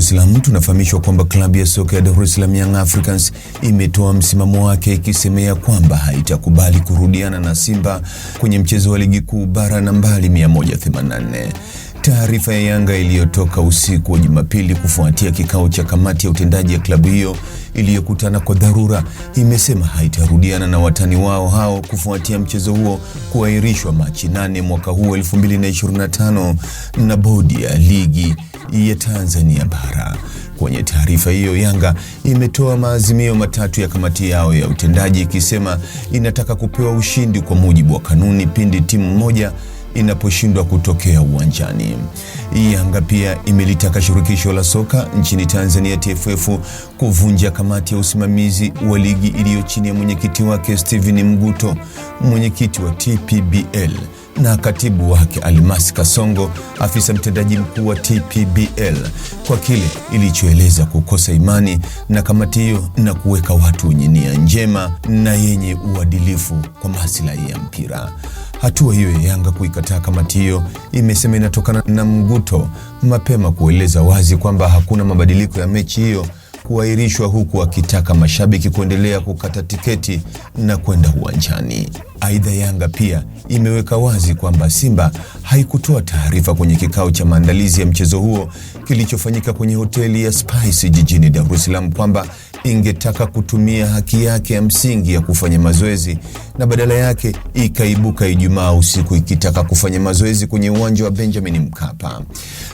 es Salaam, tunafahamishwa kwamba klabu ya soka ya Dar es Salaam Young Africans imetoa msimamo wake ikisemea kwamba haitakubali kurudiana na Simba kwenye mchezo wa ligi kuu bara nambari 184. Taarifa ya Yanga iliyotoka usiku wa Jumapili kufuatia kikao cha kamati ya utendaji ya klabu hiyo iliyokutana kwa dharura imesema haitarudiana na watani wao hao kufuatia mchezo huo kuahirishwa Machi 8 mwaka huu 2025 na bodi ya ligi ya Tanzania bara. Kwenye taarifa hiyo, Yanga imetoa maazimio matatu ya kamati yao ya utendaji ikisema inataka kupewa ushindi kwa mujibu wa kanuni pindi timu moja inaposhindwa kutokea uwanjani. Yanga pia imelitaka shirikisho la soka nchini Tanzania TFF kuvunja kamati ya usimamizi wa ligi iliyo chini ya mwenyekiti wake Steven Mguto, mwenyekiti wa TPBL na katibu wake Almasi Kasongo, afisa mtendaji mkuu wa TPBL, kwa kile ilichoeleza kukosa imani na kamati hiyo na kuweka watu wenye nia njema na yenye uadilifu kwa maslahi ya mpira. Hatua hiyo ya Yanga kuikataa kamati hiyo imesema inatokana na mguto mapema kueleza wazi kwamba hakuna mabadiliko ya mechi hiyo kuahirishwa huku akitaka mashabiki kuendelea kukata tiketi na kwenda uwanjani. Aidha, Yanga pia imeweka wazi kwamba Simba haikutoa taarifa kwenye kikao cha maandalizi ya mchezo huo kilichofanyika kwenye hoteli ya Spice jijini Dar es Salaam kwamba ingetaka kutumia haki yake ya msingi ya kufanya mazoezi na badala yake ikaibuka Ijumaa usiku ikitaka kufanya mazoezi kwenye uwanja wa Benjamin Mkapa.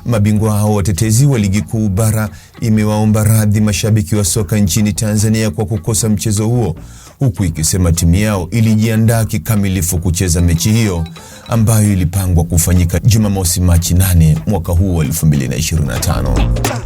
Mabingwa hao watetezi wa ligi kuu bara imewaomba radhi mashabiki wa soka nchini Tanzania kwa kukosa mchezo huo, huku ikisema timu yao ilijiandaa kikamilifu kucheza mechi hiyo ambayo ilipangwa kufanyika Jumamosi Machi 8 mwaka huu wa 2025.